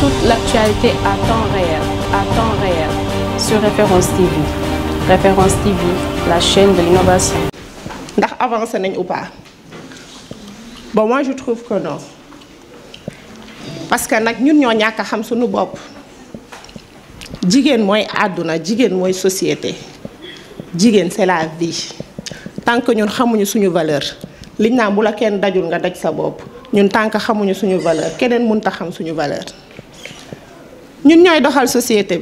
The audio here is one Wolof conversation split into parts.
toute l'actualité à temps réel, à temps réel, sur Référence TV. Référence TV, la chaîne de l'innovation. Ndax ou pas Bon, moi je trouve que non. Parce que nous avons ñoo société c'est la vie tant que nous xamuñu suñu valeur liñ tant que xamuñu valeur gens valeur nous sommes dans la société.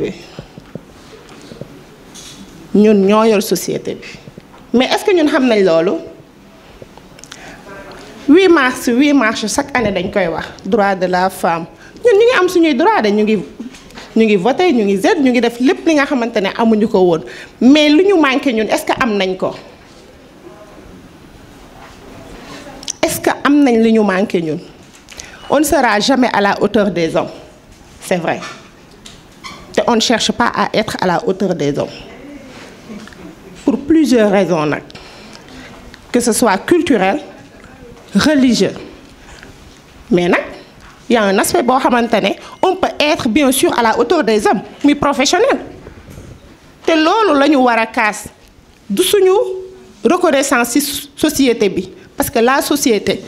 Nous sommes dans la société. Mais est-ce que nous sommes là Oui, mars, oui, mars, chaque année, nous avons le droit de la femme. Nous avons droit de droits. Nous avons voté, nous avons voter, nous avons fait tout ce que nous avons fait. Mais ce qui nous manque, est-ce qu'il y a ça? Est-ce que nous sommes ce qui manque? On ne sera jamais à la hauteur des hommes. C'est vrai on ne cherche pas à être à la hauteur des hommes. Pour plusieurs raisons, que ce soit culturel, religieux. Mais il y a un aspect on peut être bien sûr à la hauteur des hommes, mais professionnel. C'est ce que nous devons reconnaissance la société parce que la société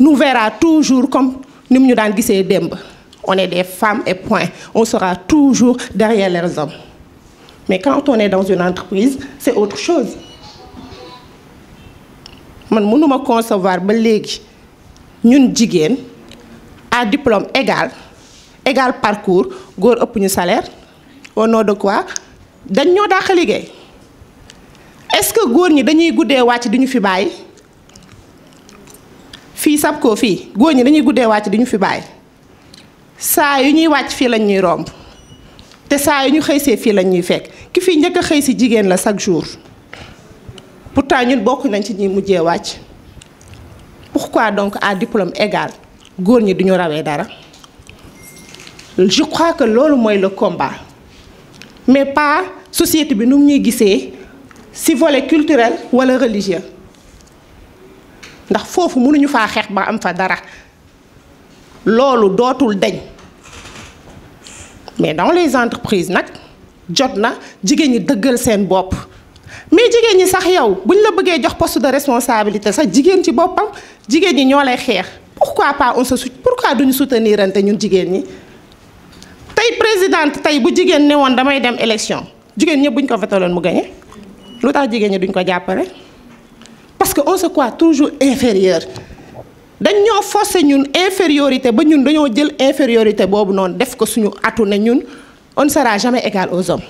nous verra toujours comme nous sommes daan on est des femmes et point. On sera toujours derrière les hommes. Mais quand on est dans une entreprise, c'est autre chose. Je ne peux concevoir que nous, jigéen à diplôme égal, égal parcours, nous avons ñu salaire au nom de quoi dañ sommes dàq est-ce que góor ñi dañuy guddee wàcc di ñu fi bàyyi fii Les gens fii ñi dañuy goudé. saa yu ñuy wàcc fii lañ ñuy romb te saa yu ñu xëy see fii lañ ñuy fekk ki fi njëkk a xëy si jigéen la chaque jour pourtant ñun bokk nañ ci ñi mujjee wàcc quoi donc à diplôme égal góor ñi duñu rawee dara je crois que loolu mooy la combat mais pas société bi nu mu ñuy gisee si volet culturel wala religieux ndax foofu mënuñu faa xeex ba am fa dara loolu dootul deñ mais dans les entreprises nak jotna na jigéen ñi dëggal seen bopp mais jigéen ñi sax yow buñ la bëggé jox poste de responsabilité sax jigéen ci bopam jigéen ñi ñoo lay xeex pourquoi pas on se su pourquoi duñu ante ñun jigéen ñi tay présidente tay bu jigéen néwon woon damay dem élection jigéen ñëpp buñ ko fétalon mu gañe lu tax jigéen ñi duñ ko jàppale parce que on se croit toujours inférieur dañ ñoo forcé ñun infériorité ba ñun dañoo jël infériorité boobu noonu def ko suñu atu ne ñun on sera jamais égal aux hommes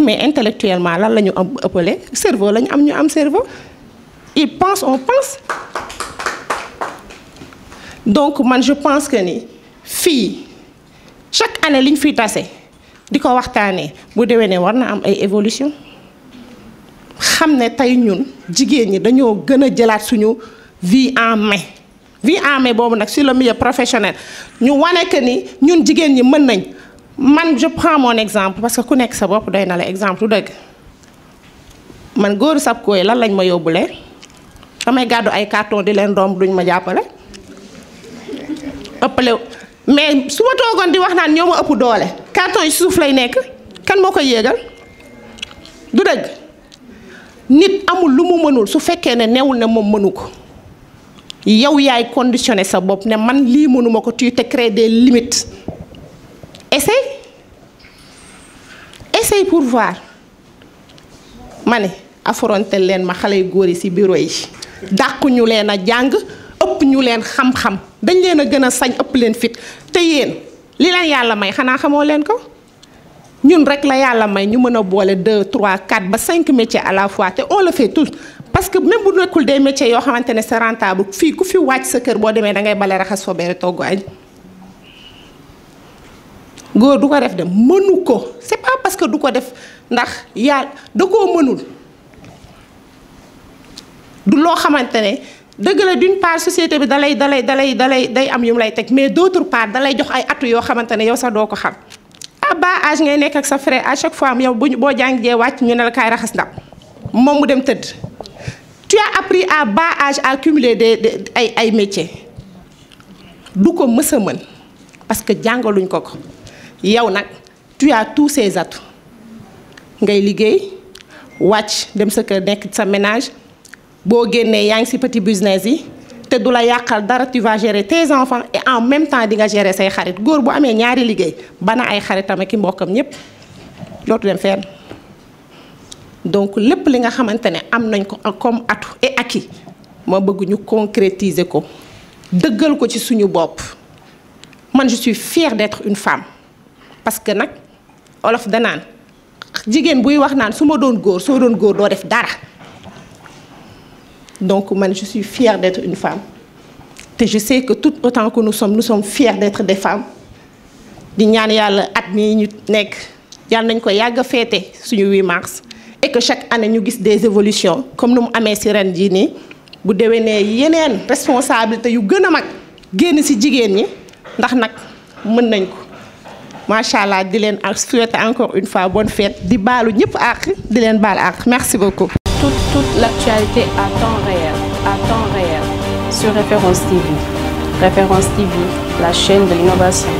mais intellectuellement lan lañu am ëppale cerveau lañu am ñu am cerveau il pense on pense donc man je pense que ni fii chaque année liñ fiy tase di ko waxtaanee bu déwénee war na am ay évolution xam ne tey ñun jigéen ñi dañoo gën a jëlaat suñu vie en main vie en main Bon, nag le milieu professionnel ñu wane que ni ñun jigéen ñi nous nañ man je prends mon exemple parce que ku nek sa bop doy na la exemple dëgg man góoru SAPCO yi lan lañ ma yobulé damay gaddu ay carton di len romb duñ ma jappalé ëppalé mais su ma toogoon di wax naan ñoma ëpp doolé carton ci suuf lay nek kan moko yégal du dëgg nit amul lu mu mënul su fekkee ne newul ne moom mënu ko yow yaay conditionné sa bopp ne man lii te créer des limites essaye essaye pour voir ma ne affronté leen ma xale yu bureau yi dàq ñu a ëpp ñu leen xam-xam dañ leen a sañ ëpp leen fit te yéen li leen yàlla may xanaa xamoo ko ñun rek la may ñu a deux trois quatre ba cinq métiers à la fois te on le fait tous parce que même bu nekkul des métiers yoo xamante ne c'est rentable fii ku fi wàcc sa kër boo demee da ngay bale raxas fa beere togg añ góor du ko def dem mënu ko c'est pas parce que du ko def ndax yaa da koo mënul du loo xamante ne dëgg la d'une part société bi dalay dalay dalay dalay day am yu mu lay teg mais d'autre part dalay jox ay atu yoo xamante ne yow sax doo ko xam à bas âge ngay nekk ak sa frère à chaque fois yow bu boo jàngee wàcc ñu ne la kaay raxas ndab moom mu dem tëdd tu as appris à bas âge à accumuler, des ay ay métiers du ko parce que jàngaluñ ko ko yow tu as tous ces atouts ngay watch, wàcc dem sa kër nekk sa ménage boo génnee yaa ngi ci petit business yi te du yakal dara tu vas gérer tes enfants et en même temps di nga gérer ses xarit gourbo bu amee ñaari liggéey bana ay xaritam ak i mbokkam ñépp dootu dem fenn donc lépp li nga xamante am nañ ko comme atu et acquis ma bëgg ñu concrétiser ko dëggal ko ci suñu bob. man je suis fière d'être une femme parce que nak, olof danaan jigéen buy wax nan, su ma doon góor soo doon góor doo def dara donc man je suis fière d'être une femme Et je sais que tout autant que nous sommes nous sommes fiers d'être des femmes di ñaan yàlla at mii ñu nekk yàlla nañ ko yàgg a suñu 8 mars et que chaque année nous gis des évolutions comme nous nous amee ci ren jii nii bu déwénee yenen responsabilité yu gëna mag génn ci jigéen ñi ndax nak mën nañ ko machallah di souhaiter encore une fois bonne fête di balu ñëpp ak di bal merci beaucoup. toute toute l'actualité à temps réel à temps réel sur Référence TV Référence TV la chaîne de l'innovation.